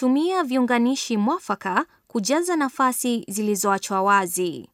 Tumia viunganishi mwafaka kujaza nafasi zilizoachwa wazi.